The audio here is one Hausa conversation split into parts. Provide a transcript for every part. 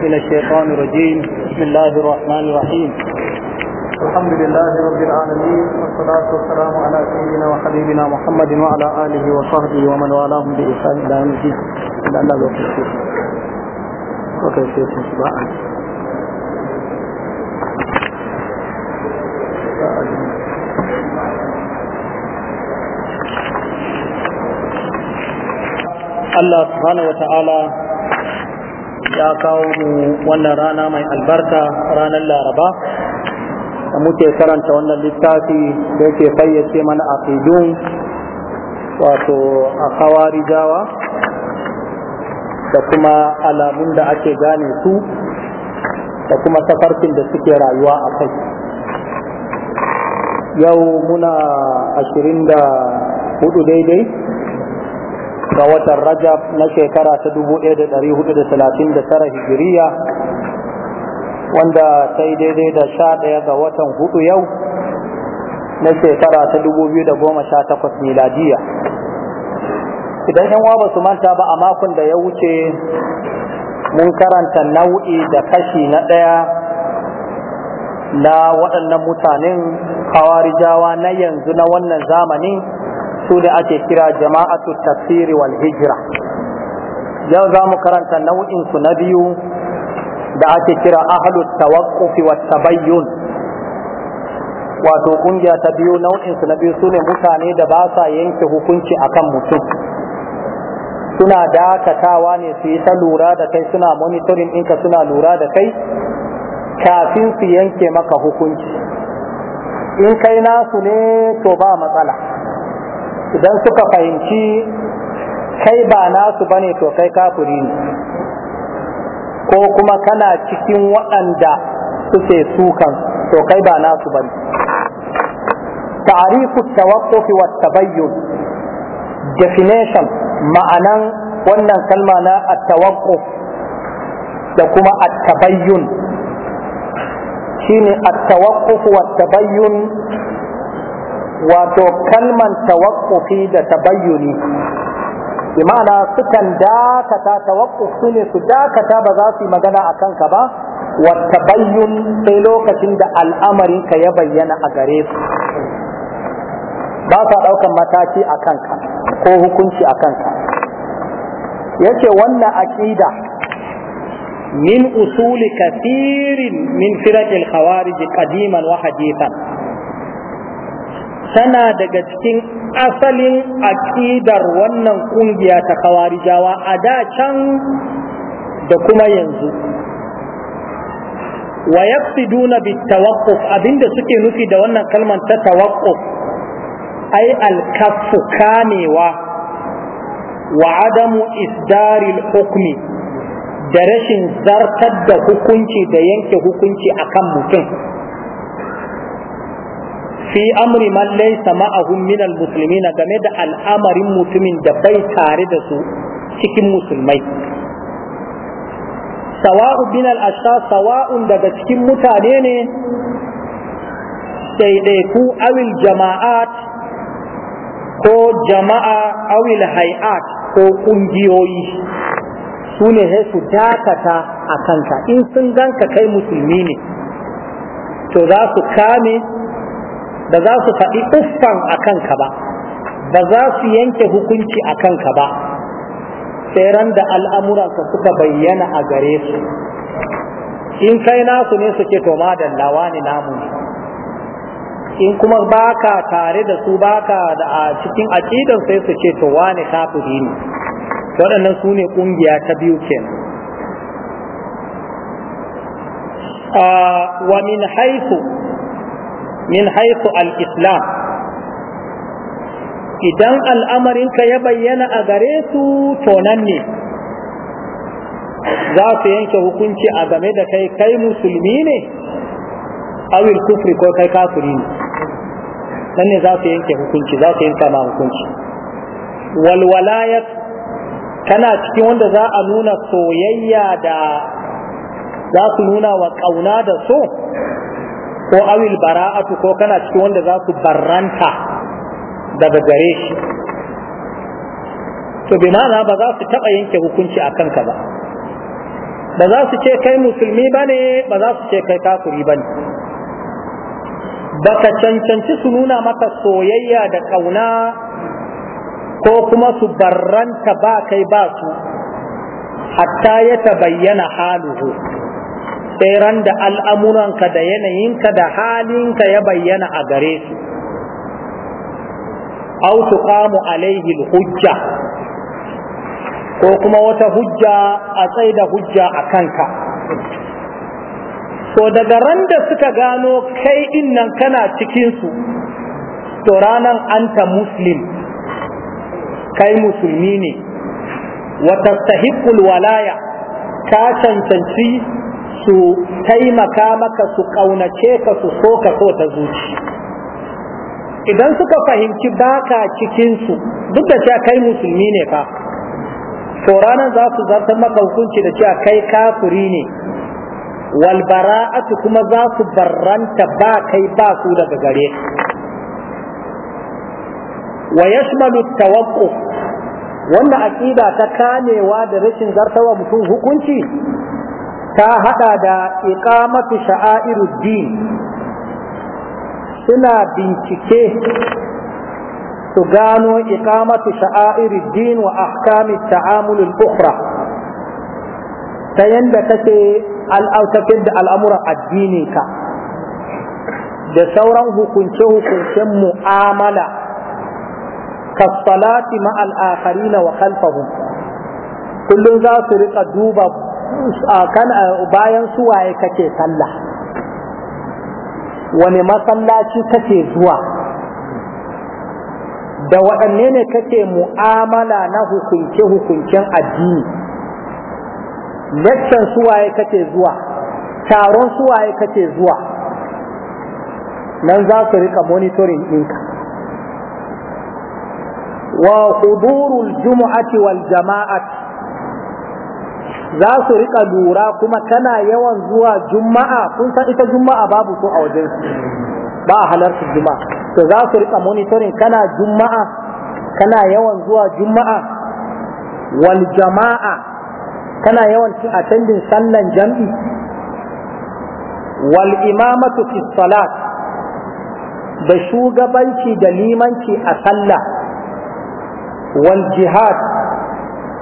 من الشيطان الرجيم بسم الله الرحمن الرحيم الحمد لله رب العالمين والصلاة والسلام على سيدنا وحبيبنا محمد وعلى آله وصحبه ومن والاهم بإحسان إلى يوم الدين إلا الله يوفقكم وكيفية سبحانه Allah subhanahu ya kawo mu wannan rana mai albarka ranar laraba da muke karanta wannan littafi da yake fayyace mana a wato a kawari jawa da kuma alamun da ake gane su da kuma tafarkin da suke rayuwa a kai yau muna ashirin da hudu daidai ga watan rajab na shekara ta 1439 hijiriya wanda ta yi daidai da sha ɗaya ga watan hudu yau na shekara ta 2018 miladiya idan yan wa ba su manta ba a makon da ya wuce mun karanta nau'i da kashi na ɗaya na waɗannan mutanen kawarijawa na yanzu na wannan zamanin su da ake kira jama'atu tafsiri wal hijira yau za mu karanta nau'insu na biyu da ake kira ahlu tawaqqufi wa tabayyun wato kungiya ta biyu nau'insu na biyu sune mutane da ba sa yanke hukunci akan mutum suna dakatawa ne su yi ta lura da kai suna monitoring ɗinka suna lura da kai kafin su yanke maka hukunci in kai nasu ne to ba matsala idan suka fahimci kai ba nasu bane to kai kafuri ne ko kuma kana cikin waɗanda suke sukan to kai ba nasu bane ta'arifu tawaqquf wa tabayyun definition ma'anan wannan kalma na at-tawaqquf da kuma at-tabayyun shine at-tawaqquf wa tabayyun wato kalman tawakkufi da tabayyuni bi ma'ana sukan dakata tawakkuf su ne su dakata ba za su yi magana a kanka ba wa tabayyun sai lokacin da al'amarin ka ya bayyana a gare su ba sa ɗaukan mataki a kanka ko hukunci a kanka yace wannan aqida min usuli kathirin min firaq al-khawarij qadiman wa hadithan tana daga cikin asalin aƙidar wannan ƙungiya ta kawarijawa a da can da kuma yanzu wa yaqsiduna bitawaqquf abinda suke nufi da wannan kalmar ta tawaqquf ai al-kaffu kamewa wa adamu isdaril hukmi da rashin zartar da hukunci da yanke hukunci akan mutum fi amri man laysa ma'ahum min almuslimin game da al'amarin mutumin da bai tare da su cikin musulmai sawa'u bin al sawa'un daga cikin mutane ne daidaiku awil jama'at ko jama'a awil hay'at ko kungiyoyi su ne sai su dakata a kanka in sun ganka kai musulmi ne to za su kame Da za su faɗi uffan a kanka ba ba za su yanke hukunci a kanka ba sai ran da ka suka bayyana a gare su in kai nasu ne suke to lawa ne namu ne in kuma baka tare da su baka da a cikin aƙidan sai su ce to wani kafiri ne waɗannan su ne ƙungiya ta biyu kenan ah, wa min haifu min haifu Al'islam. islam idan al'amarinka ya bayyana a gare su tonan ne za su yanke hukunci a game da kai kai musulmi ne awil kufri ko kai kafiri ne nan ne za su yanke hukunci za su yanka ma hukunci walwalayat kana cikin wanda za a nuna soyayya da za su nuna wa ƙauna da so ko awil bara'atu ko kana cikin wanda za su barranta daga gare shi to bi ma'ana ba za su taɓa yanke hukunci a kanka ba ba za su ce kai musulmi ba ne ba za su ce kai kafiri ba ne ba ka cancanci su nuna maka soyayya da ƙauna ko kuma su barranta ba kai ba su hatta ya ta bayyana haluhu sai da da al'amuranka da yanayinka da halinka ya bayyana a gare su aw tuqamu alaihi hujja ko kuma wata hujja a tsaida hujja a kanka so daga ran da suka gano kai innan kana cikinsu to ranar anta muslim kai musulmi ne wata walaya ka cancanci su taimaka maka su ƙaunace ka su so ka so ta zuci idan suka fahimci baka cikinsu duk da cewa kai musulmi ne fa to ranar za su zartar maka hukunci da cewa kai kafiri ne walbara'atu kuma za su barranta ba kai ba su daga gare wa yashmalu tawaqquf wannan aqida ta kamewa da rashin zartawa mutum hukunci ta hada da iqamatu sha'airuddin suna bincike su gano iqamatu sha'airuddin wa ahkami ta'amulul ukhra ta yanda kake al'autakin da al'amuran addini ka da sauran hukunce-hukuncen mu'amala kasalati ma'al akharina wa khalfahum kullum za su rika duba bayan suwaye kake sallah wani masallaci kake zuwa da waɗanne ne kake mu'amala na hukunce-hukuncen addini leccan suwaye kake zuwa taron suwaye kake zuwa nan za su rika monitorin ɗinka wa hudurul jumu'ati wal jama'ati za su rika lura kuma kana yawan zuwa juma'a kun san ita juma'a babu ko a wajen su ba a halarta juma'a to za su rika monitoring kana juma'a kana yawan zuwa juma'a wal jama'a kana yawan ci attending sallan jam'i wal imamatu fi salat da shugabanci da limanci a sallah wal jihad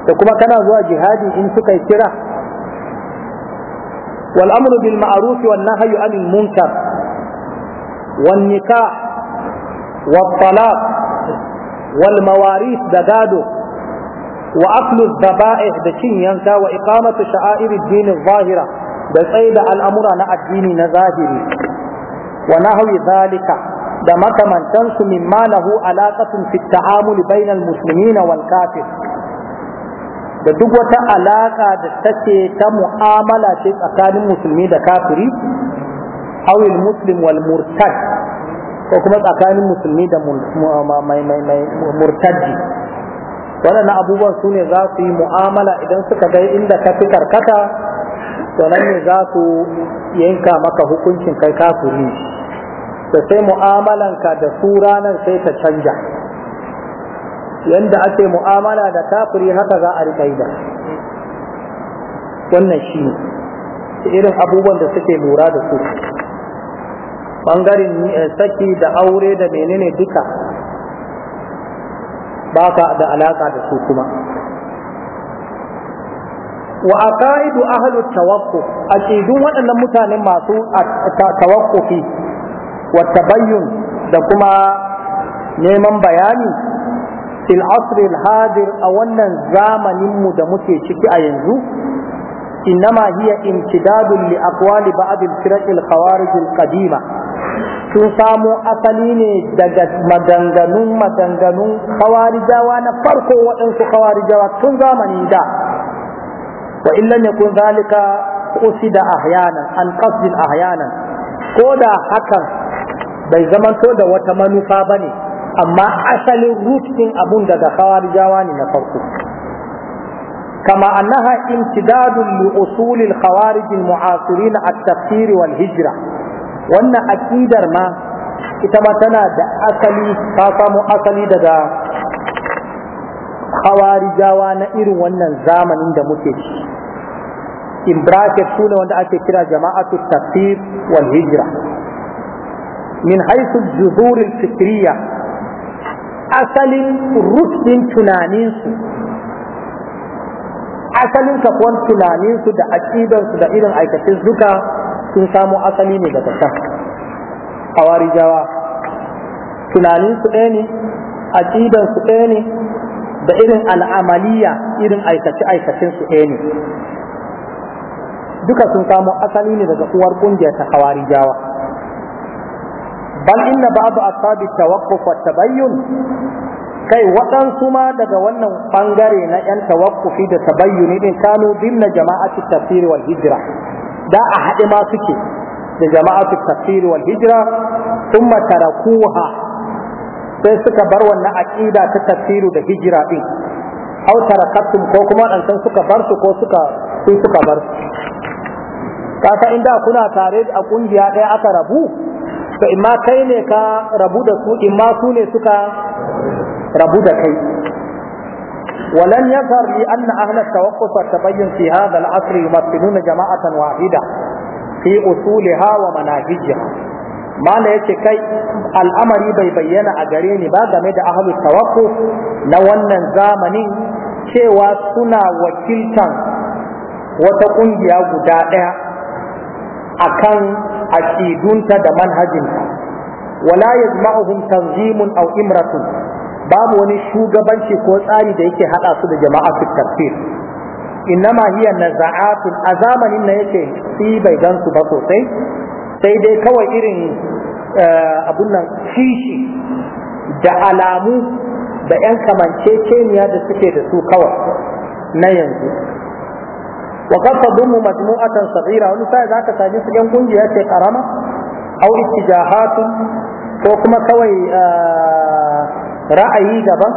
da kuma kana zuwa jihadi in suka yi kira wal amru bil ma'ruf wan nahyu anil munkar wan nikah wat talaq wal mawarith da gado wa aklu dhaba'ih da cin yanka wa iqamatu sha'air ad-din adh-dhahira da tsaida al'amura na addini na zahiri wa nahyu zalika da makamantansu mimma lahu alaqatun fi ta'amuli bainal muslimina wal kafir da duk wata alaƙa da take ta mu'amala ce tsakanin musulmi da kafiri awil muslim wal murtad ko kuma tsakanin musulmi da murtaddi waɗannan abubuwan su ne za su yi mu'amala idan suka ga inda ka fi karkata to ne za su yanka maka hukuncin kai kafiri da sai mu'amalanka da su ranar sai ta canja yanda ake mu'amala da kafiri haka za a riƙa da wannan shi ne irin abubuwan da suke lura da su ɓangaren eh, saki da aure da menene duka ba ka da alaƙa da su kuma wa aqaidu ahlut tawaqquf aqidun waɗannan mutane masu tawaqqufi wa tabayyun da kuma neman bayani fil asr hadir a wannan zamanin mu da muke ciki a yanzu innama hiya imtidadun li aqwali ba'd al firaq al khawarij al qadima sun samo asali ne daga maganganun maganganun khawarijawa na farko waɗansu khawarijawa tun zamanin da wa illan yakun zalika qusida ahyana an qasdin ahyanan ko da hakan bai zamanto da wata manufa bane amma asalin root abun daga khawarijawa ne na farko kama annaha imtidadun li usul al khawarij al mu'asirin at tafsir wal hijra wannan aqidar ma ita ma tana da asali ta samu asali daga khawarijawa na irin wannan zamanin da muke ciki in bracket sune wanda ake kira jama'atu tafsir wal hijra min haythu al-zuhur al asalin rufin tunaninsu asalin kafuwar tunaninsu da aƙidansu da irin aikacin duka sun samu asali ne daga can kawari jawa tunaninsu ɗaya ne aƙidansu ɗaya ne da irin al'amaliya irin aikace-aikacinsu ɗaya ne duka sun samu asali ne daga uwar ƙungiyar ta kawari jawa bal inna ba'du ashabi tawaqquf wa tabayyun kai waɗansu ma daga wannan bangare na yan tawaqqufi da tabayyuni din kanu dimna jama'atu tafsir wal hijra da a haɗe ma suke da jama'atu tafsir wal hijra thumma tarakuha sai suka bar wannan aqida ta tafsiru da hijra din aw tarakatum ko kuma waɗansan suka bar su ko suka suka bar su kasa inda kuna tare a kungiya ɗaya aka rabu to imma kai ne ka rabu da su imma su ne suka rabu da kai ولن يظهر لأن أهل التوقف والتبين في هذا العصر يمثلون جماعة واحدة في أصولها ومناهجها ما لا kai al'amari bai bayyana a gare ni ba game da ahlul tawakkuf na wannan zamanin cewa suna wakiltan wata ƙungiya guda ɗaya akan aqidunta da manhajinta wala yajma'uhum tanzimun aw imratun babu wani shugabanci ko tsari da yake hada su da jama'a fi tafsir innama hiya naza'atun a zamanin na yake shi bai gan su ba sosai sai dai kawai irin eh, abun nan kishi da alamu da 'yan kamanceceniya da suke da su kawai na yanzu wa qad tadummu majmu'atan saghira wani sai zaka sami su yan kungiya ce karama aw ittijahatu ko kuma kawai ra'ayi daban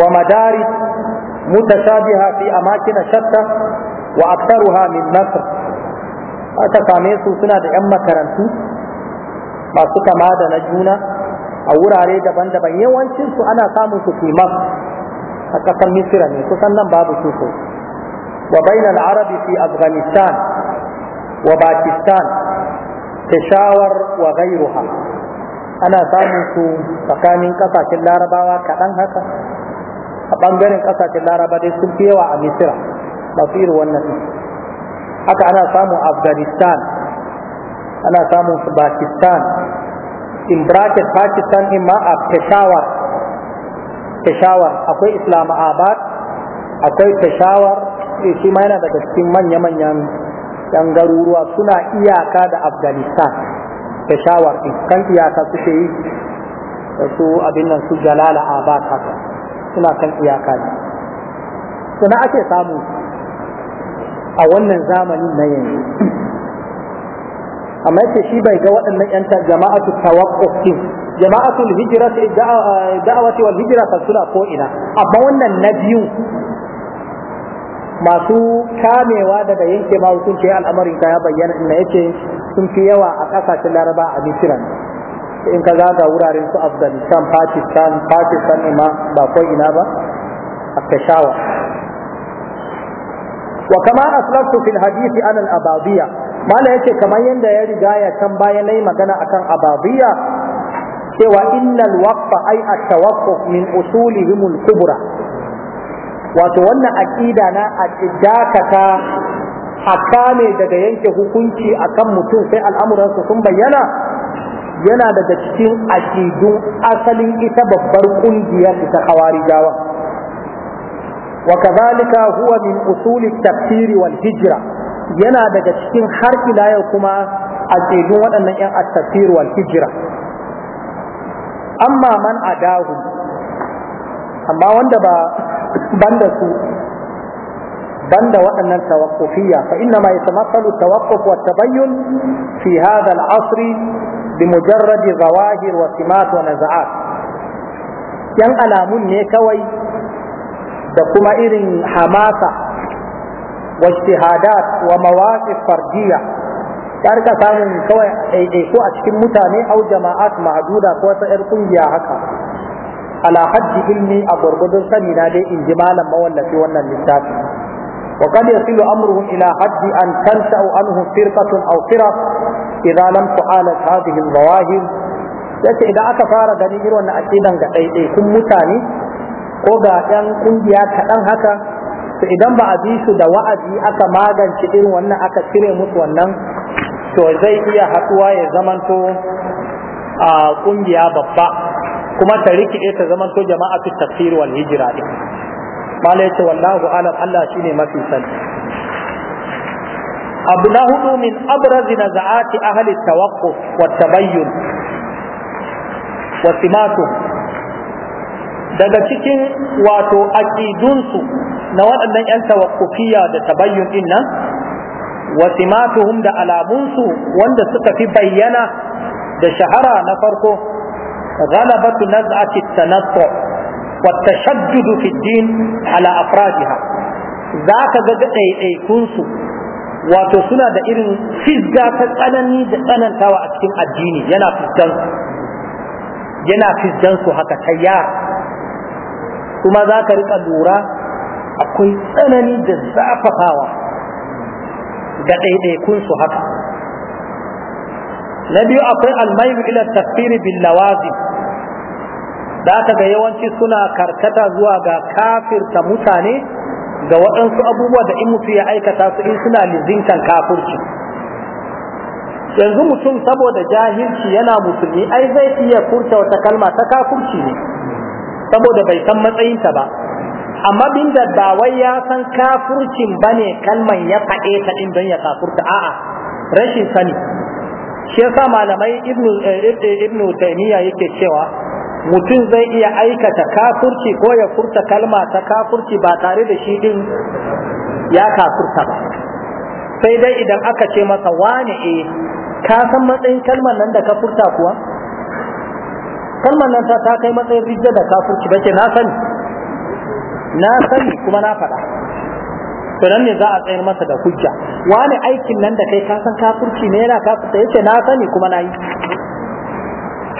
wa madaris mutashabiha fi amakin shatta wa aktharuha min nasr aka same su suna da yan makarantu masu kama da na juna a wurare daban-daban yawancinsu ana samun su fi a ƙasar misira ne kusan nan babu su sosai وبين العرب في أفغانستان وباكستان تشاور وغيرها أنا سامس فكان قصة اللاربا وكأن هكا أبنغن قصة اللاربا دي سلفية وعمسرة مصير والنبي haka ana samun afghanistan ana samun pakistan in bracket pakistan in ma a peshawar peshawar akwai islamabad akwai peshawar ce shi ma yana daga cikin manya-manyan yan garuruwa suna iyaka da afghanistan da shawar kan iyaka suke yi da su abin nan su jalala abad haka suna kan iyaka ne suna ake samu a wannan zamanin na yanzu amma yake shi bai ga waɗannan yan jama'atu tawaqquf din hijira su da'awati wal hijira fa suna ko ina amma wannan na biyu masu kamewa daga yanke ma hukunci al'amarin ka ya bayyana inda yake sun fi yawa a kasashen laraba a misiran in ka zaga wuraren su afghanistan pakistan pakistan ne ma ba ko ina ba a kashawa wa kama aslaftu fil hadisi an al Malam mala yace kamar yanda ya riga ya can baya nayi magana akan ababiya cewa innal waqfa ay at tawaqquf min usulihim al kubra wato wannan aƙida na a dakata a ne daga yanke hukunci akan mutum sai al'amuransu sun bayyana yana daga cikin aƙidun asalin ita babbar ƙungiyar ta hawari jawa wa kazalika huwa min usuli yana daga cikin har ila yau kuma aƙidun waɗannan 'yan at-tafsir wal hijra amma man adahu amma wanda ba banda su banda waɗannan tawaqqufiyya fa inna ma yatamassalu tawaqquf wa tabayyun fi hadha al-asr bi mujarrad zawahir wa simat wa yan alamun ne kawai da kuma irin hamasa wa ijtihadat wa mawaqif fardiyya yar ka samun kawai ɗaiɗaiku a cikin mutane au jama'at maduda ko wata 'yar ƙungiya haka ala haddi ilmi a gwargwadon sani na dai in ji malam mawallafi wannan littafi wa kad yasilu amruhum ila haddi an tanta'u anhu firqatun aw firaq idza lam tu'alat hadhihi al-zawahir yace idan aka fara gani irin wannan aqidan ga daidai kun mutane ko ga ɗan ƙungiya kaɗan haka to idan ba a bi su da wa'azi aka magance irin wannan aka cire musu wannan to zai iya haɗuwa ya zamanto a ƙungiya babba kuma ta rikide ta zaman to jama'a fi tafsir wal hijra din malai ce wallahu alam Allah shine mafi sani abu na hudu min abraz naza'ati ahli tawaqquf wa tabayyun wa simatu daga cikin wato aqidunsu na waɗannan ƴan tawaqqufiya da tabayyun din nan wa simatuhum da alamunsu wanda suka fi bayyana da shahara na farko غلبة نزعة التنطع والتشدد في الدين على أفرادها ذاك قد أي أي كنسو وتسنى دائر فزة تتأنني دائنا توا أكتم الديني ينا في الجنس ينا في الجنس هكا تيار ثم ذاك رك اللورا أكوي أنني دزافة توا قد أي أي كنسو هكا na biyu akwai almayu ila tafsiri bil lawazi da aka ga yawanci suna karkata zuwa ga kafirta mutane ga waɗansu abubuwa da in mutu ya aikata su in suna lizintan kafirci yanzu mutum saboda jahilci yana musulmi ai zai iya furta wata kalma ta kafirci ne saboda bai san matsayinta ba amma bin da dawai ya san kafircin bane kalman ya faɗe ta din don ya kafurta a'a rashin sani shi yasa malamai eh, ibnu ibnu taymiya yake cewa mutum zai iya aikata kafurci ko ya furta kalma ta kafurci ba tare da shi din ya kafurta ba sai dai idan aka ce masa wane e ka san matsayin kalmar nan da ka furta kuwa kalmar nan ta kai matsayin rijja da kafurci bace na sani na sani kuma na faɗa to nan ne za a tsayar masa da hujja wani aikin nan da kai ka san kafirci ne yana kafirta yace na sani kuma nayi yi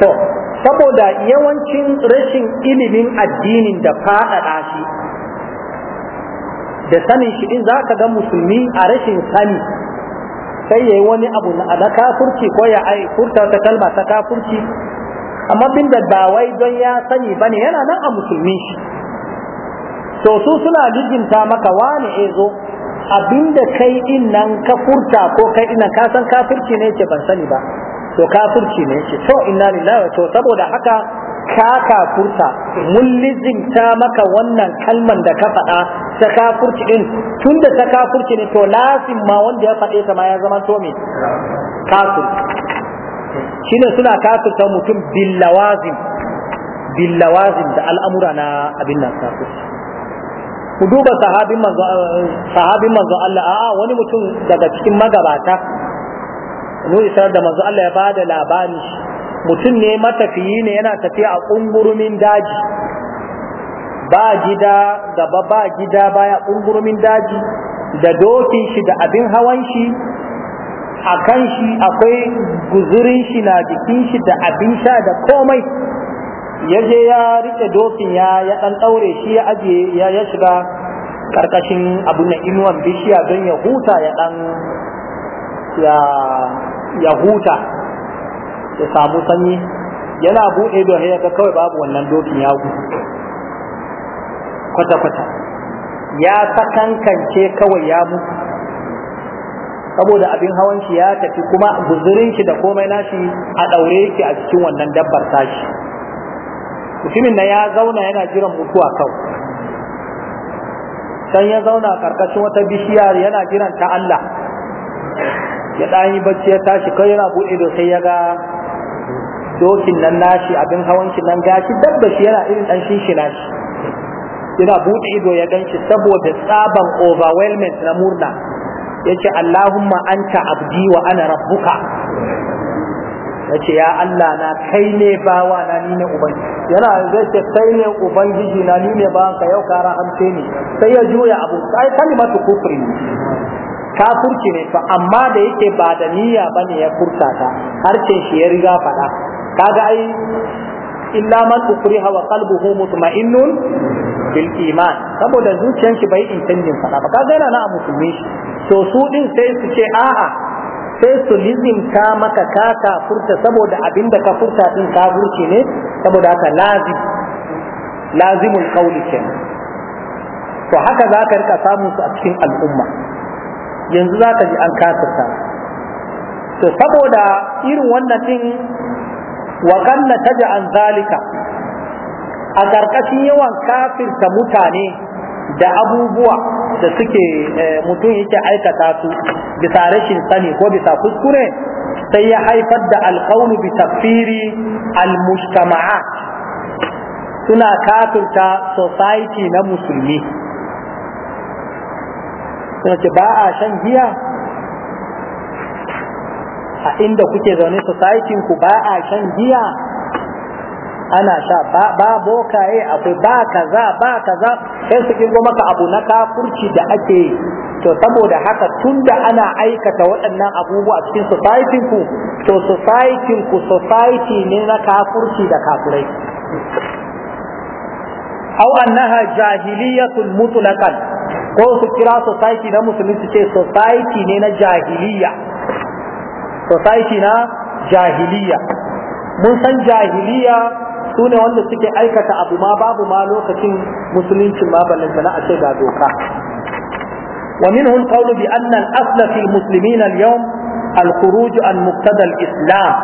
to saboda yawancin rashin ilimin addinin da faɗaɗa shi da sanin shi din za ka ga musulmi a rashin sani sai ya yi wani abu na kafirci ko ya ai furta ta kalma ta kafirci amma bin da ba wai don ya sani bane yana nan a musulmi shi to su suna liginta maka wani e zo abinda kai din nan ka furta ko kai din nan ka san kafirci ne ce ban sani ba to kafirci ne ce to inna lillahi to saboda haka ka kafurta mun lizinta maka wannan kalman da ka faɗa ta kafurci din tunda ta kafurci ne to lasin ma wanda ya faɗe ta ma ya zama to me kafir shine suna kafirta mutum billawazim billawazim da al'amura na abin nan kafirci ku duba sahabin manzo Allah a'a wani mutum daga cikin magabata nu isar da manzo Allah ya bada labari mutum ne matafiyi ne yana tafiya a kungurumin daji ba gida gaba ba gida baya kungurumin daji da dokin shi da abin hawan shi a kan shi akwai guzurin shi na jikin shi da abin sha da komai ya je ya rike dokin ya ya dan daure shi ya aje ya ya shiga karkashin abun nan inuwan bishiya don ya huta ya dan ya ya huta ya samu sanyi yana bude don ya ga kawai babu wannan dokin ya gudu kwata-kwata ya sakankance kawai ya mutu saboda abin hawan shi ya tafi kuma guzurin shi da komai nashi a ɗaure yake a cikin wannan dabbar tashi mutumin na ya zauna yana jiran mutuwa kau, can ya zauna karkashin wata bishiya yana jiran ta Allah ya ɗanyi bacci ya tashi kai yana buɗe da sai ya ga dokin nan nashi abin shi nan gashi dabba shi yana irin ɗan shi nashi yana buɗe ido ya ganshi saboda tsaban overwhelming na murna Ya ce Allahumma anta abdi wa ana rabbuka ya ya Allah na kai ne bawa na ni ne ubangiji yana zai ce kai ne na ni ne bawa ka yau ka rahamce ni sai ya juya abu sai ku kufri ne kafurci ne to amma da yake ba da niyya bane ya furta ta harshen shi ya riga faɗa kaga ai illa man ukriha wa qalbuhu mutma'innun bil iman saboda zuciyar shi bai intendin faɗa ba kaga yana na a musulmi shi to su din sai su ce a'a sai su lizimta maka ka kafurta saboda abin da ka furta din gurce ne saboda haka lazim lazimul qawli kenan to haka za ka rika samun su a cikin al'umma yanzu za ka ji an kasarta to saboda irin wannan din wa kanna taja an zalika a ƙarƙashin yawan kafirta mutane da abubuwa da suke eh, mutum yake aikata su bisa rashin sani ko bisa kuskure sai ya haifar da alƙaunu bi tafsiri almujtama'a suna kafinta society na musulmi suna ce ba a shan giya a inda kuke zaune society ku ba a shan giya ana sha ba bokaye akwai ba kaza ba kaza sai su kingo maka abu na kafurci da ake to saboda haka tunda ana aikata waɗannan abubuwa cikin society ku to society ku society ne na kafurci da kafurai aw annaha jahiliyatun mutlaqan ko su kira society na musulunci ce society ne na jahiliya society na jahiliya mun san jahiliya su ne wanda suke aikata abu ma babu ma lokacin musuluncin ma ballantana a ce ga doka wa minhu alqawlu bi anna al-asl fi al-muslimin an muqtada islam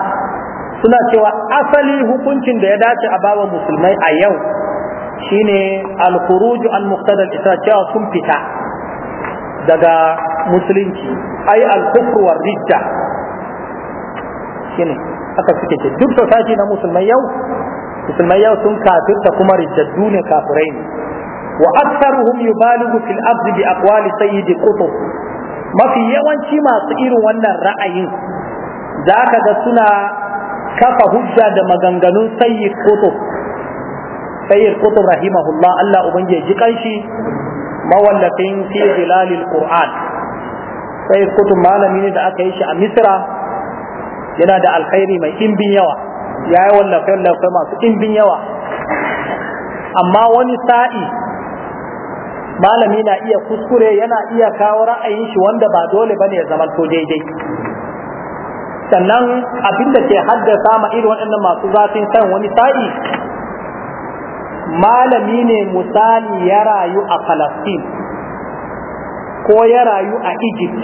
suna cewa asali hukuncin da ya dace a bawa musulmai a yau shine al-khuruj an muqtada al-islam cewa sun fita daga musulunci ai al-kufr ridda shine haka suke ce duk society na musulmai yau musulmai yau sun kafirta kuma riddaddu ne kafirai ne wa aktharuhum yubaligu fil abd bi aqwali sayyid qutb mafi yawanci masu irin wannan ra'ayin zaka ga suna kafa hujja da maganganun sayyid qutb sayyid qutb rahimahullah Allah ubangiji ji kanshi mawallafin fi zilalil qur'an sayyid qutb malami ne da aka yi shi a misra yana da alkhairi mai imbin yawa ya yi wallafe wallafe masu ɗimbin yawa amma wani sa'i malami na iya kuskure yana iya kawo ra'ayin shi wanda ba dole bane ya zama to daidai sannan abinda ke haddasa ma irin waɗannan masu zafin kan wani sa'i malami ne misali ya rayu a Falastin ko ya rayu a Egypt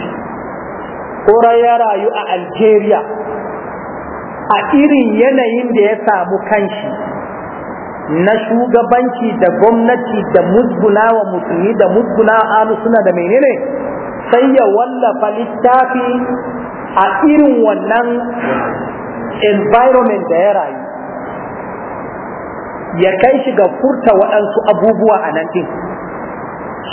ko ya rayu a Algeria a irin yanayin da ya samu kanshi na shugabanci da gwamnati da musguna wa musulmi da musguna anu suna da menene sai ya wallafa littafi a irin wannan environment da ya rayu ya kai shi ga furta waɗansu abubuwa a nan ɗin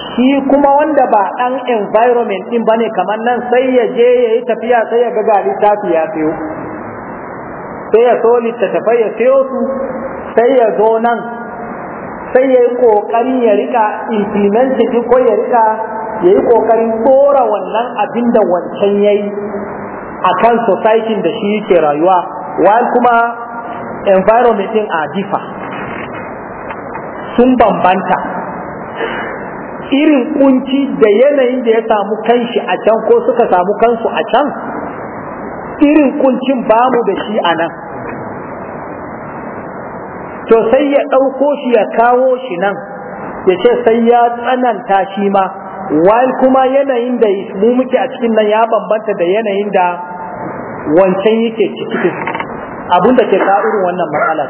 shi kuma wanda ba ɗan environment ɗin ba ne kamar nan sai ya je ya yi tafiya sai ya ga ga littafi ya fiyo sai ya so littattafai ya siyo su sai ya zo nan sai ya yi ƙoƙarin ya rika implementing ko ya rika ya yi ƙoƙarin ɗora wannan abin da wancan ya yi a kan society da shi ke rayuwa wani kuma environment a jifa sun bambanta irin kunci da yanayin da ya samu kanshi a can ko suka samu kansu a can irin kuncin bamu da shi a nan to sai ya ɗauko shi ya kawo shi nan ya ce sai ya tsananta shi ma wal kuma yanayin da mu muke a cikin nan ya bambanta da yanayin da wancan yake ciki abin da ke wannan matsalar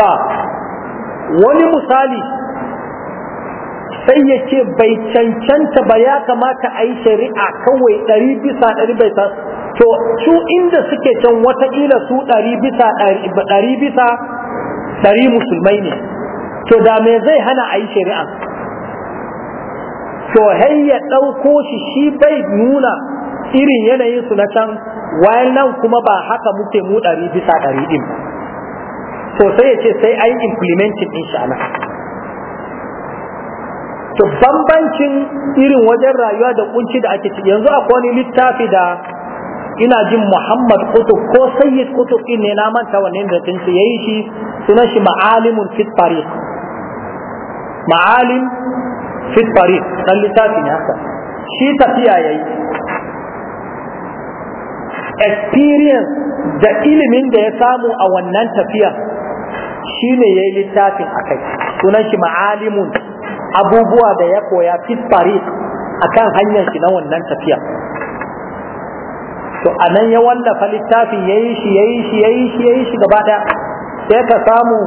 ta wani misali sai ya ce bai cancanta ba ya kamata a yi shari'a kawai ɗari bisa ɗari bai san to su inda suke can wataƙila su ɗari bisa ɗari bisa ɗari musulmai ne to da me zai hana a yi shari'a to hai ya ɗauko shi shi bai nuna irin yanayin su na can wayan nan kuma ba haka muke mu ɗari bisa ɗari ɗin to sai ya ce sai an implementing insha'ala to bambancin irin wajen rayuwa da kunci da ake ciki yanzu akwai wani littafi da ina jin Muhammad Kutub ko Sayyid Kutub ne na manta wannan da tunce yayi shi sunan shi Ma'alimun fit Tariq Ma'alim fit Tariq dan littafi ne haka shi tafiya yayi experience da ilimin da ya samu a wannan tafiya shine yayi littafin akai sunan shi Ma'alimun abubuwa da ya koya fitfari a kan hanyar shi na wannan tafiya to a nan ya wallafa littafi yi shi ya yi shi yi shi yi shi gaba sai ka samu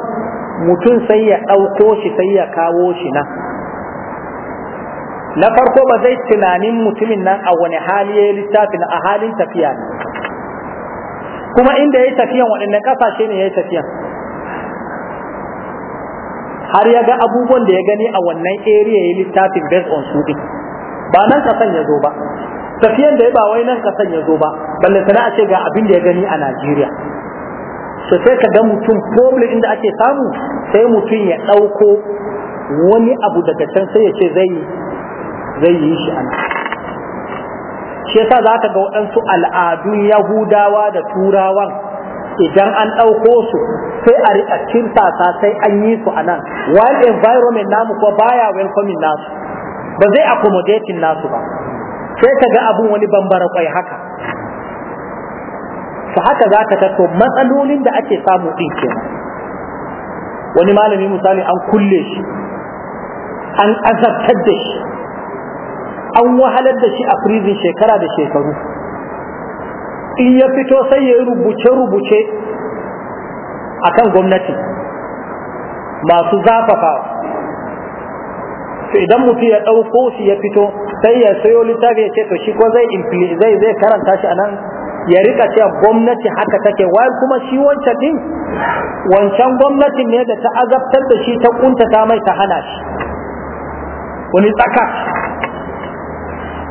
mutum sai ya ɗauko shi sai ya kawo shi nan na farko ba zai tunanin mutumin nan a wani hali ya yi littafin a halin tafiya ne kuma inda ya yi tafiyan waɗannan ƙasashe ne ya yi tafiyan har ya ga abubuwan da ya gani a wannan area ya littafin based on su ba nan kasan ya zo ba tafiyan da ya ba wai nan kasan ya zo ba balle sana a ce ga abin da ya gani a Najeriya so sai ka ga mutum problem inda ake samu sai mutum ya ɗauko wani abu daga can sai ya ce zai zai yi shi a shi yasa zaka ga waɗansu al'adun Yahudawa da Turawan idan an ɗauko su sai a riƙa cirsasa sai an yi su a nan while environment namu ko baya welcoming nasu ba zai accommodating nasu ba sai ka ga abun wani bambara kwai haka su haka za ka tato matsalolin da ake samu ɗin ke wani malami misali an kulle shi an azabtar da shi an wahalar da shi a prison shekara da shekaru in ya fito sai ya yi rubuce-rubuce a kan gwamnati masu zafafa to idan mutum ya ɗauko shi ya fito sai ya sayo littafi ya ce to shi ko zai zai zai karanta shi anan ya rika cewa gwamnati haka take wai kuma shi wancan din wancan gwamnati ne da ta azabtar da shi ta ta mai ta hana shi wani tsaka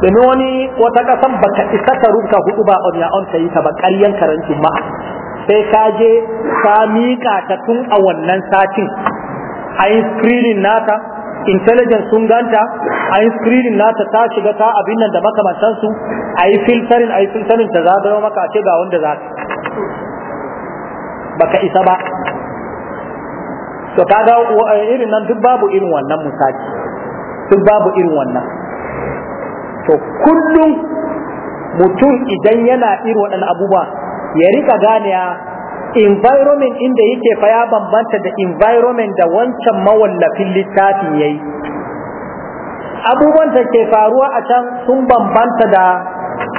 domin wani wata kasan baka isa ka rubuta hudu ba on ya on kai ta ba ƙaryan karancin ma sai ka je ka miƙa ta tun a wannan satin a yi screening nata intelligence sun ganta a yi screening nata ta shiga ta abin nan da makamantansu a yi filtering a yi filtering ta zagayo maka a ce ga wanda za ka baka isa ba to kaga irin nan duk babu irin wannan misali duk babu irin wannan to kullum mutum idan yana irin waɗannan abubuwa ya rika gane environment inda yake fa ya bambanta da environment da wancan mawallafin littafin ya yi. abubuwan da ke faruwa a can sun bambanta da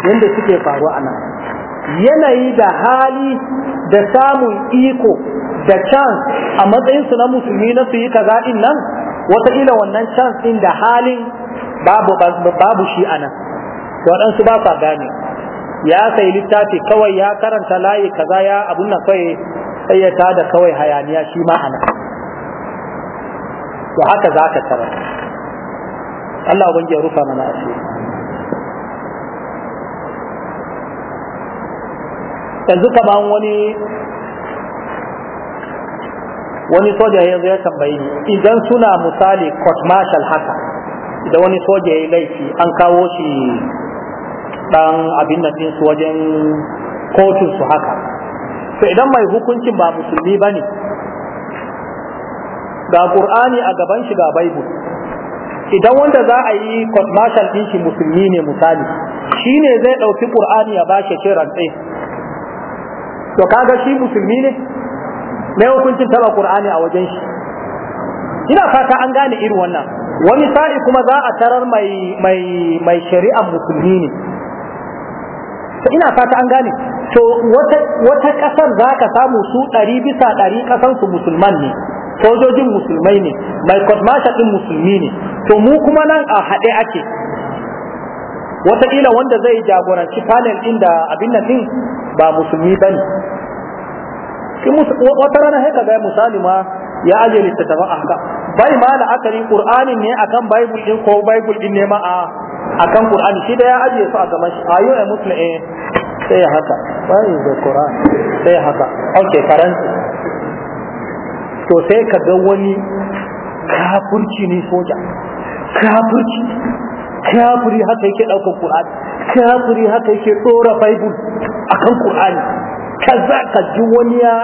yadda suke faruwa a nan yanayi da hali da samun iko da can a matsayinsu na musulmi na su yi kaza nan wataƙila wannan can ɗin da halin babu babu shi anan waɗansu ba sa gane ya sai littafi kawai ya karanta layi kaza ya abun nan kawai sai ya tada kawai hayaniya shi ma anan to haka za ka tara Allah ubangi ya rufa mana asiri yanzu kaman wani wani soja ya zo ya tambayi idan suna misali court martial haka da wani soja ya yi laifi an kawo shi dan abin da su wajen kotun su haka to idan mai hukuncin ba musulmi ba ne ga ƙur'ani a gaban shi ga bible idan wanda za a yi marshal din shi musulmi ne misali shi ne zai ɗauki ƙur'ani ya ba shi rantse to kaga shi musulmi ne mai hukuncin taɓa ƙur'ani a wajen shi ina fata an gane irin wannan wani sa'i kuma za a tarar mai mai mai shari'ar musulmi ne to ina fata an gane to wata wata kasar za ka samu su ɗari bisa ɗari kasan su musulman ne sojojin musulmai ne mai kwatmasha ɗin musulmi ne to mu kuma nan a haɗe ake wataƙila wanda zai jagoranci panel ɗin da abin nan ɗin ba musulmi ba ne wata rana haka ga misali ma ya aje littattafan a haka bai ma la'akari qur'anin ne akan bible din ko bible din ne ma a akan qur'ani shi da ya aje su a gaban shi ayo ay muslim eh, sai ya haka bai da qur'an sai ya haka okay karanci to sai ka ga wani kafirci ne soja kafirci kafiri haka yake daukar qur'ani kafiri haka yake dora bible akan qur'ani kaza ka ji wani ya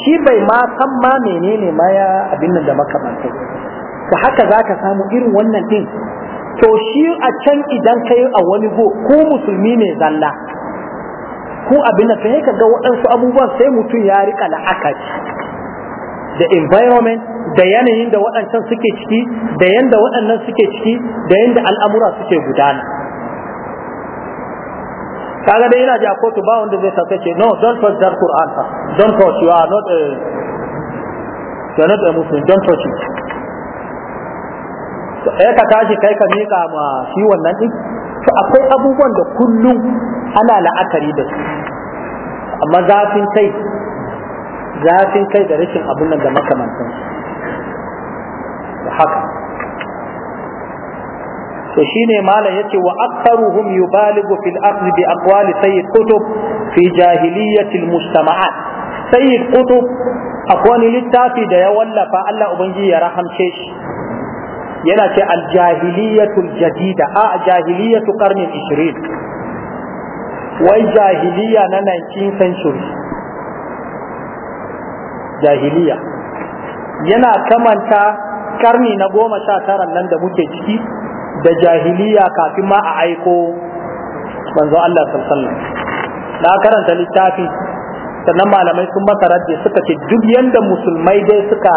shi bai ma san ma menene ma ya abin nan da makamanta ka haka za ka samu irin wannan din to shi a can idan ka yi a wani go ko musulmi ne zalla ko abin da sai ka ga waɗansu abubuwan sai mutum ya rika la'akari da environment da yanayin da waɗancan suke ciki da yanda waɗannan suke ciki da yanda al'amura suke gudana kaga dai ina ji a kotu ba wanda zai sauke ce no don touch that Quran fa Don touch you are not a you are not a Muslim don't touch it eh, ka tashi kai ka miƙa ma shi wannan din to akwai abubuwan da kullum ana la'akari da su amma zafin kai zafin kai da rashin abun nan da makamantan haka to shine malam yace wa aktharuhum yubaligu fil akhdh bi aqwali sayyid kutub fi jahiliyyati al mujtama'at sayyid kutub akwai littafi da ya wallafa Allah ubangiji ya rahamce shi yana ce al jahiliyatul jadida a jahiliyatu qarnin 20 wai jahiliya na 19th century jahiliya yana kamanta karni na goma sha tara nan da muke ciki da jahiliya kafin ma a aiko manzo Allah sallallahu na karanta littafi sannan malamai sun masa radde suka ce duk yanda musulmai dai suka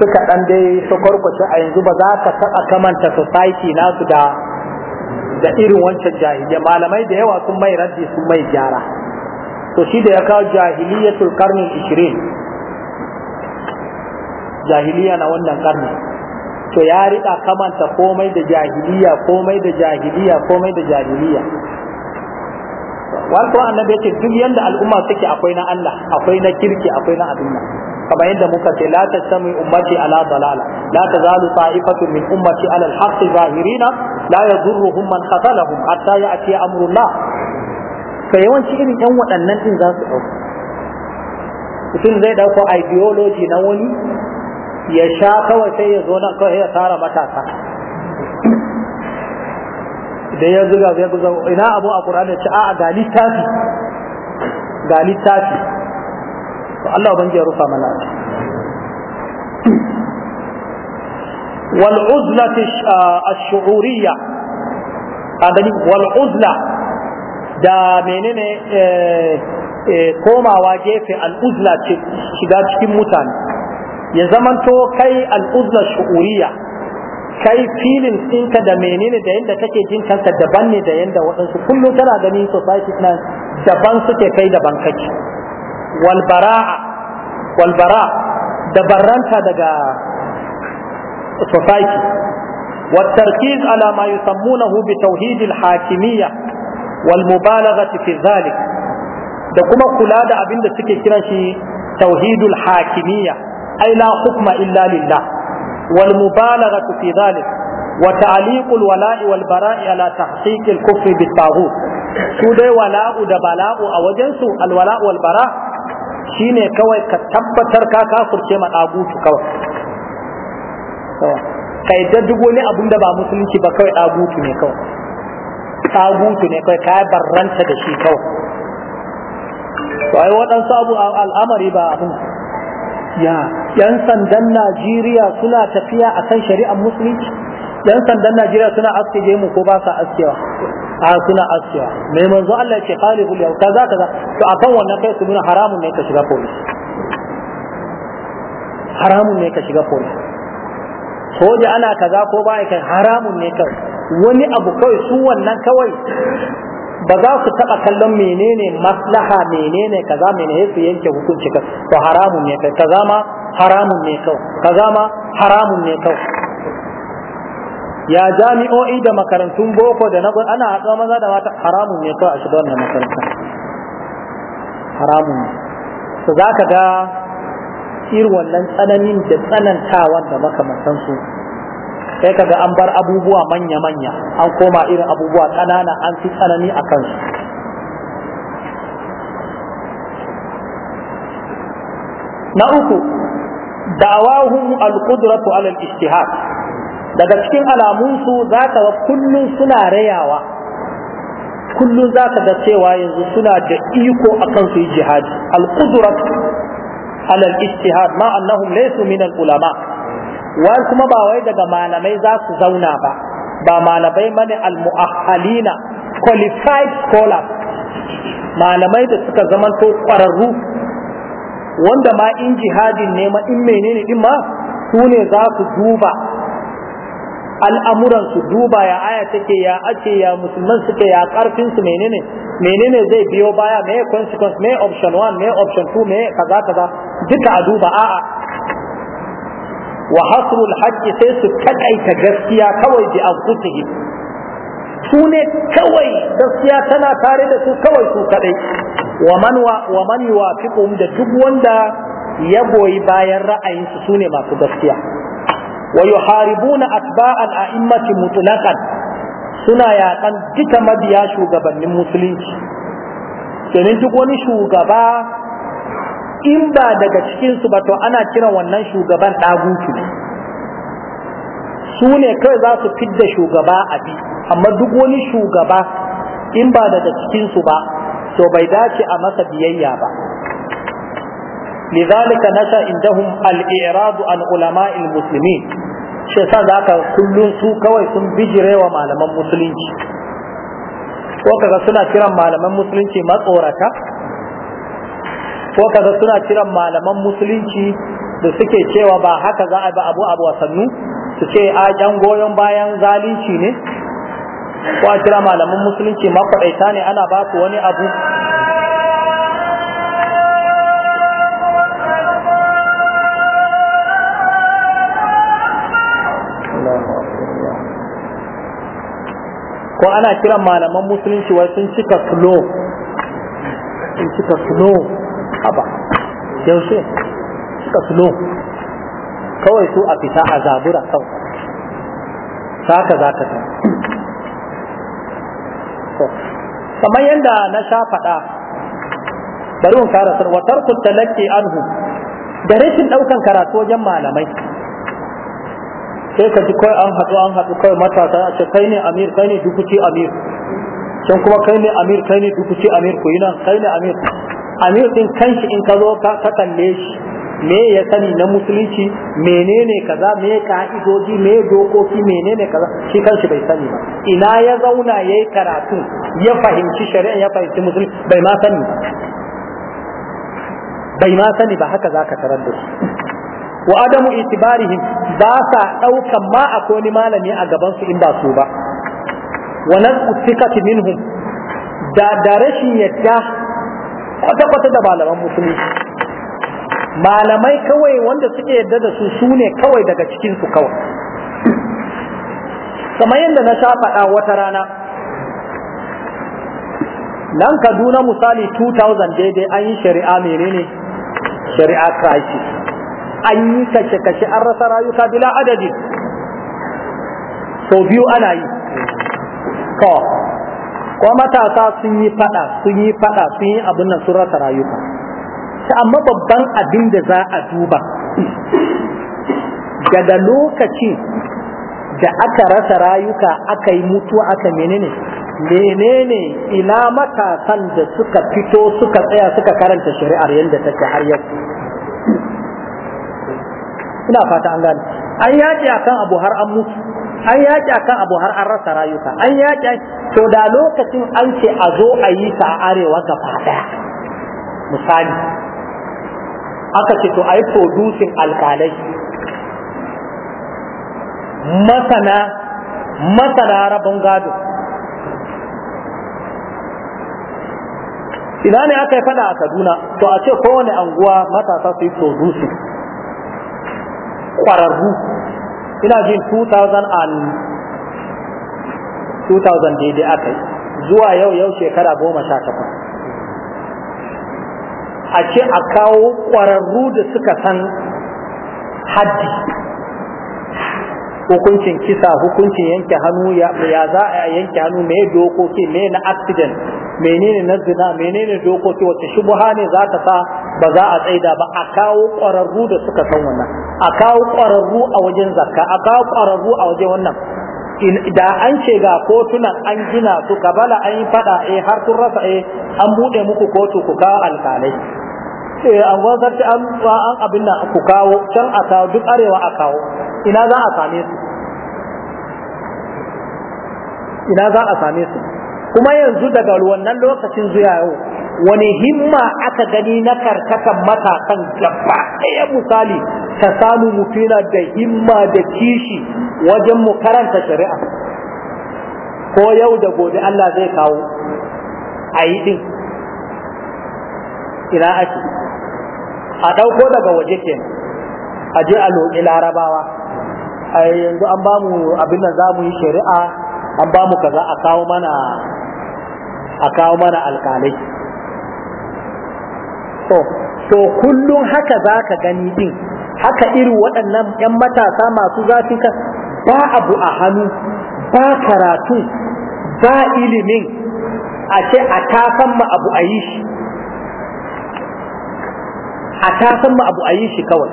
suka dan dai sokorkwace a yanzu ba za ka taba kamanta society nasu da da irin wancan jahiliya malamai da yawa sun mai raddi sun mai gyara to shi da ya kawo jahiliyatul karni 20 jahiliya na wannan karni to ya riƙa kamanta komai da jahiliya komai da jahiliya komai da jahiliya wato annabi yace duk yanda al'umma suke akwai na Allah akwai na kirki akwai na abin nan kamar yadda muka ce la tasami ummati ala dalala la tazalu ta'ifatu min ummati ala al-haqqi zahirina la yadurruhum man qatalahum hatta ya'ti amrullah to yawanci irin yan waɗannan din za su dauka mutum zai dauko ideology na wani ya sha kawai sai ya zo nan kawai ya tara matasa idan ya zuga zai buga ina abu a ƙur'ani ce a'a ga littafi ga littafi to Allah ban ya rufa mana wal uzlati ash-shu'uriyya adani wal da menene eh, eh, komawa gefe al uzla ce shiga cikin mutane ya zamanto kai al'uzza shu'uriya kai filin ɗinka da menene da yadda take jin kanta daban ne da yadda waɗansu kullum tana ganin society na daban suke kai daban kake walbara'a walbara da barranta daga society والتركيز على ما يسمونه بتوحيد الحاكمية والمبالغة في ذلك da kuma kula da abin da suke kiran shi أي لا حكم إلا لله والمبالغة في ذلك وتعليق الولاء والبراء على تحقيق الكفر بالطاغوت سودي ولاء دبلاء أو جنس الولاء والبراء شيني كوي كتبتر كافر كما أبوت كوي ka yadda duk wani abun da ba musulunci ba kawai ɗagutu ne kawai ɗagutu ne kawai ka barranta da shi kawai to ai waɗansu abu al'amari ba abin ya yan sandan Najeriya suna tafiya akan shari'ar musulunci yan sandan Najeriya suna aske gemu ko ba sa askewa a suna askewa mai manzo Allah ya ce qalibul yau ka kaza to a kan wannan kai su nuna haramun ne ka shiga police haramun ne ka shiga police soja ana kaza ko ba kai haramun ne kai wani abu kawai su wannan kawai ba za su taɓa kallon menene maslaha menene ka za mene menene su yanke hukunci ka to haramun ne kai kaza ma haramun ne kau kaza ma haramun ne kau ya jami'o'i da makarantun boko da na ana haɗuwa maza da mata haramun ne kawai a shiga wannan makaranta haramun ne to za ka ga irin wannan tsananin da tsanantawan da makamantansu sai kaga an bar abubuwa manya-manya an koma irin abubuwa ƙanana an fi tsanani a kansu na uku da'awahum al-qudratu ala al-ijtihad daga cikin alamunsu za ka ga kullum suna rayawa kullum za ka ga cewa yanzu suna da iko kan su yi jihadi al-qudratu ala al-ijtihad ma annahum laysu min al-ulama' wai kuma ba wai daga malamai za su zauna ba ba malamai mani al muahalina qualified scholars malamai da suka to ƙwararru wanda ma in jihadin ne ma in menene din ma su ne za su duba al'amuran su duba ya aya take ya ace ya musulman suke ya karfin su menene menene zai biyo baya me consequence me option 1 me option 2 me kaza kaza duka a duba a'a wa hasrul hajji sai su kadaita gaskiya kawai bi anfusihim su ne kawai gaskiya tana tare da su kawai su kadai wa man wa wa man yuwafiqum da duk wanda ya goyi bayan ra'ayinsu su ne masu gaskiya wa yuharibuna atba'al a'immati mutlaqan suna yakan duka mabiya shugabannin musulunci domin duk wani shugaba in ba daga cikinsu ba to ana kiran wannan shugaban ɗagutu ne su ne kawai za su fidda shugaba a bi amma duk wani shugaba in ba daga cikinsu ba to bai dace a masa biyayya ba لذلك nasa عندهم الاعراض عن علماء المسلمين musulmi sa za ka kullum su kawai sun bijire wa malaman musulunci ko kaga suna kiran malaman musulunci matsorata ko kaza suna kiran malaman musulunci da suke cewa ba haka za a ba abu abu wasannu su ce a yan goyon bayan zalunci ne ko a kira malaman musulunci makwaɗaita ne ana ba su wani abu ko ana kiran malaman musulunci wai sun cika slow sun cika slow yaushe suka suno kawai su a fita a zabura kawai saka za ka san kamar yadda na sha faɗa bari in fara sar wa tarku talaki anhu da rashin ɗaukan karatu wajen malamai sai ka ji kawai an haɗu an haɗu kawai matasa a ce kai ne amir kai ne dukuci amir sun kuma kai ne amir kai ne dukuci amir ku yi nan kai ne amir amir din kanshi in ka zo ka kalle shi me ya sani na musulunci menene kaza me ka'idoji me dokoki menene kaza shi kanshi bai sani ba ina ya zauna yayi karatu ya fahimci shari'a ya fahimci musulunci bai ma sani ba bai ma sani ba haka zaka tarar da su wa adamu itibarihim ba sa daukan ma akwai wani malami a gaban su in ba su ba wa nan usikati minhum da da rashin yadda kwata-kwata da malaman musulunci malamai kawai wanda suke yadda da su sune kawai daga cikinsu kawai kamar yadda na sha faɗa wata rana nan kaduna misali 2000 daidai an yi shari'a menene shari'a kashi an yi kashe-kashe an rasa rayuka bila adadi sau biyu ana yi to ko matasa sun yi fada sun yi fada sun yi abin nan sun rasa rayuka ta amma babban abin da za a duba daga lokaci da aka rasa rayuka aka yi mutuwa aka menene menene ina matasan da suka fito suka tsaya suka karanta shari'ar yadda take har yau ina fata an gane an akan abu har an mutu an yaƙi akan abu har an rasa rayuka an yaƙi to da lokacin an ce a zo a yi ta a arewa gaba ɗaya misali aka ce to a yi producing alkalai masana masana rabon gado ina ne aka yi fada a kaduna to a ce kowane anguwa matasa su yi producing ƙwararru ina jin 2000 daidai aka yi zuwa yau yau shekara goma sha takwas a ce a kawo ƙwararru da suka san haddi hukuncin kisa hukuncin yanke hannu ya za a yanke hannu mai dokoki mai na accident menene na zina menene dokoki wacce shubuha ne za ta sa ba za a tsaida ba a kawo ƙwararru da suka san wannan a kawo ƙwararru a wajen zakka a kawo ƙwararru a wajen wannan da an ce ga kotunan an gina su kabala an yi fada a eh, har sun rasa a eh, an buɗe muku kotu ku kawo alƙalai eh an gwazar ta an an abin da ku kawo can a kawo duk arewa a kawo ina za a same su ina za a same su kuma yanzu daga wannan lokacin zuwa yau wani himma aka gani na karkatan matasan gaba ɗaya misali ka samu mutuna da himma da kishi wajen mu karanta shari'a ko yau da gobe Allah zai kawo a yi ɗin ina ake a ɗauko daga waje kenan a je a loƙi larabawa a yanzu an ba mu abin da za mu yi shari'a an ba mu kaza a kawo mana a kawo mana alkalai to to kullum haka za ka gani din haka irin waɗannan 'yan matasa masu zafi ka ba abu a hannu ba karatu ba ilimin a ce a tasan ma abu a yi shi a tasan ma abu a yi shi kawai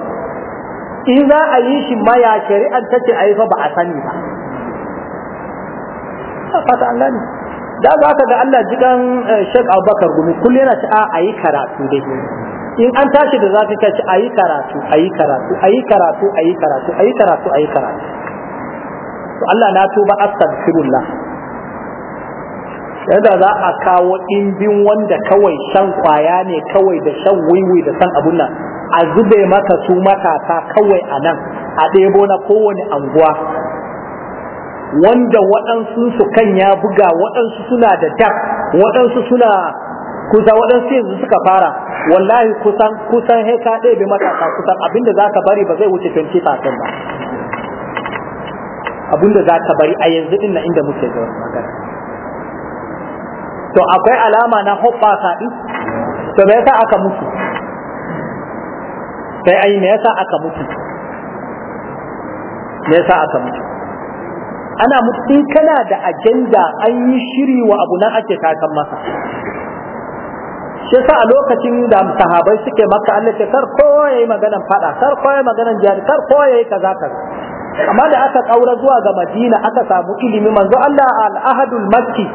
in za a yi shi ma ya shari'ar ta ce a yi fa ba a sani ba fata an gani da za ka ga Allah jikan eh, Sheikh Abubakar Gumi kullum yana ci a ayi karatu dai in an tashi da zafi ka ci ayi karatu ayi karatu ayi karatu ayi karatu ayi karatu ayi karatu to Allah na tuba astaghfirullah yadda za a kawo ɗimbin wanda kawai shan kwaya ne kawai da shan wiwi da san abun nan a zube maka su matasa kawai a nan a ɗebo na kowane anguwa wanda waɗansu su kan ya buga waɗansu suna da dak waɗansu suna kusa waɗansu yanzu suka fara wallahi kusan kusan he ka ɗebe matasa kusan abinda za ka bari ba zai wuce fasin ba abinda za ka bari a yanzu din na inda muke da magana to akwai alama na hoɓɓasa ɗin to me yasa aka mutu sai ai me yasa aka mutu me yasa aka mutu ana in kana da ajanda an yi shiri wa abu nan ake kakan masa shi sa a lokacin da sahabai suke maka Allah ce kar kowa yayi maganan fada kar kowa yayi maganan jihad kar ko yayi kaza kaza amma da aka kaura zuwa ga Madina aka samu ilimi manzo Allah al-ahadul makki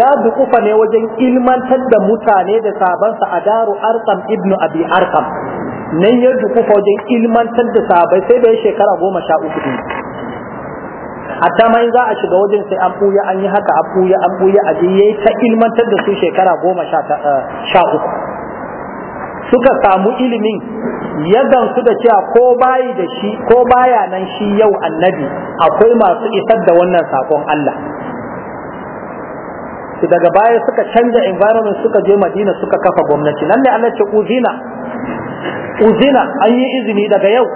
ya dukufa ne wajen ilmantar da mutane da sabansa a daru arqam ibnu abi arqam nan ya dukufa wajen ilmantar da sabai sai da shekara goma sha uku hatta ma in za a shiga wajen sai an buya an yi haka an buya an buya a je yayi ta ilmantar da su shekara goma eh, sha uku suka samu ilimin ya gamsu da cewa ko bayi da shi ko baya nan shi yau annabi akwai masu isar da wannan sakon Allah su daga baya suka canza environment suka je madina suka kafa gwamnati nan ne Allah ce uzina uzina an yi izini daga yau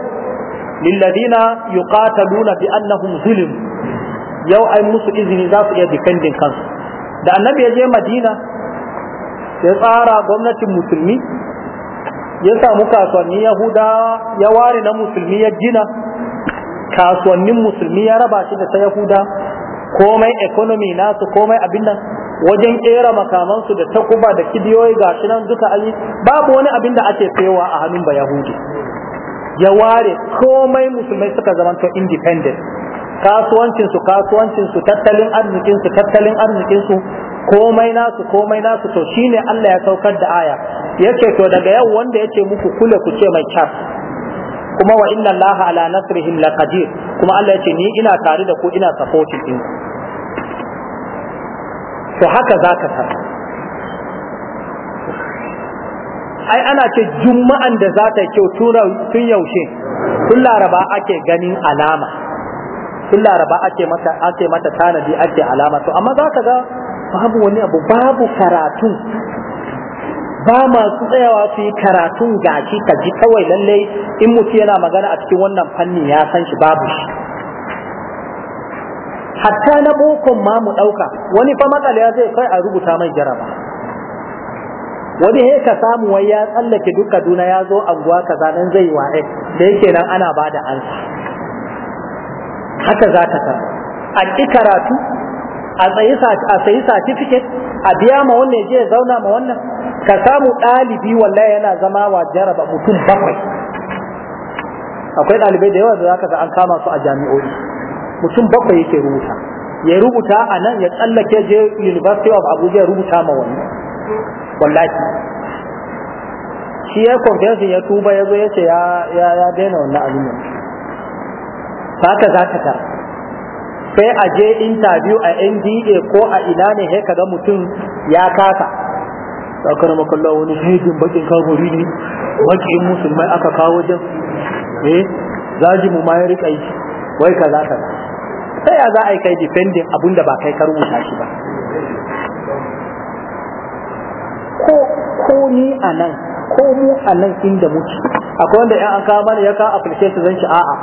lilladina yuqataluna bi annahum zulim yau ai musu izini za su iya defending kansu da annabi ya je madina ya tsara gwamnatin musulmi ya samu kasuwanni yahudawa ya ware na musulmi ya gina kasuwannin musulmi ya raba shi da ta yahuda komai economy nasu komai abin nan wajen kera makamansu da takuba da kidiyoyi ga shi nan duka babu wani abin da ake fewa a hannun ba ya ware komai musulmai suka zamanto independent kasuwancinsu kasuwancinsu tattalin arzikinsu tattalin arzikinsu komai nasu komai nasu to shine Allah ya saukar da aya yace to daga yau wanda yace muku kule ku ce mai char kuma wa inna Allah ala nasrihim laqadir kuma Allah yace ni ina tare da ku ina supporting din to haka zaka tafi ai ana ce juma'an da za ta yi kyau tun yaushe tun laraba ake ganin alama tun laraba ake mata ake mata tanadi ake alama to amma za ka ga babu wani abu babu karatun ba masu tsayawa su yi karatun gashi ka ji kawai lallai in mutu yana magana a cikin wannan fannin ya san shi babu shi hatta na bokon ma mu ɗauka wani fa matsala ya zai kai a rubuta mai jaraba wani he ka samu wai ya tsallake duk Kaduna ya zo anguwa ka zanen zai waye da yake nan ana ba da ansa haka za ta kar a ƙi karatu a tsayi satifiket, sayi certificate a biya ma wannan je ya zauna ma wannan ka samu ɗalibi wallahi yana zama wa jaraba mutum bakwai akwai ɗalibai da yawa da ka ga an kama su a jami'o'i mutum bakwai yake rubuta ya rubuta a nan ya tsallake je university of abuja ya rubuta ma wannan wallahi shi ya confession ya tuba ya zo ya ce ya daina wannan abin nan haka za ta tara sai a je interview a NDA ko a ina ne sai kaga mutum ya kasa saukar makalla wani shegin bakin kafuri ne bakin musulmai aka kawo wajen eh mu ma ya rika yi wai kaza ta sai ya za a yi kai defending abinda ba kai karu mutashi ba ko ko ni a nan ko mu a nan inda muke akwai wanda ya an kawo mana ya kawo application zan ci a'a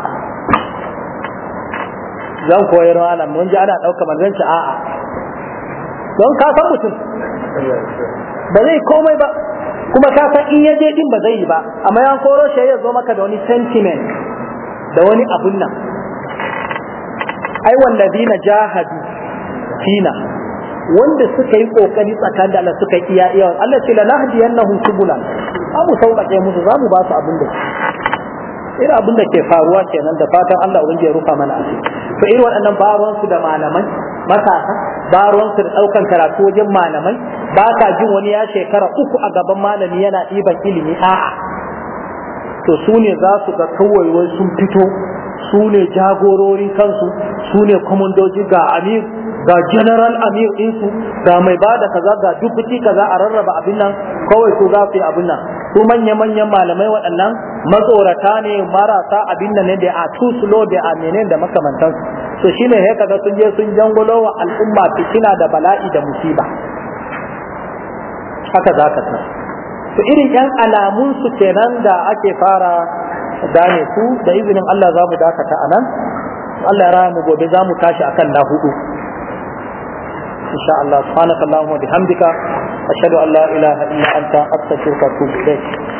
zan koyar wa nan mun ji ana ɗauka man zan ci a'a don ka san mutum ba zai komai ba kuma ka san in ya je din ba zai yi ba amma ya koro shi ya zo maka da wani sentiment da wani abun nan ai wallazina jahadu fina wanda suka yi kokari tsakanin da Allah suka iya iya Allah ce la nahdiyannahum subula abu sauƙaƙe musu za mu ba su abin da irin abin da ke faruwa kenan da fatan Allah ubangiji ya rufa mana asiri to irin waɗannan baruwan su da malamai matasa baruwan su da ɗaukan karatu wajen malamai ba ka jin wani ya shekara uku a gaban malami yana ɗiban ilimi a'a to su ne za su ga kawai wai sun fito su ne jagororin kansu su ne kwamandoji ga amir ga general amir insu ga mai ba da kaza ga dubuti kaza a rarraba abin nan kawai su za su yi abin nan su manya-manyan malamai waɗannan matsorata ne marasa abin nan ne da a tusulo da a menen da makamantan? so shi ne kaga sun je sun jangulo wa al'umma fitina da bala'i da musiba haka za ka san su irin yan alamun su kenan da ake fara gane su da izinin Allah za mu dakata anan Allah ya raya mu gobe za mu tashi akan na hudu insha Allah subhanaka Allahumma bihamdika ashhadu allah la ilaha illa anta astaghfiruka wa atubu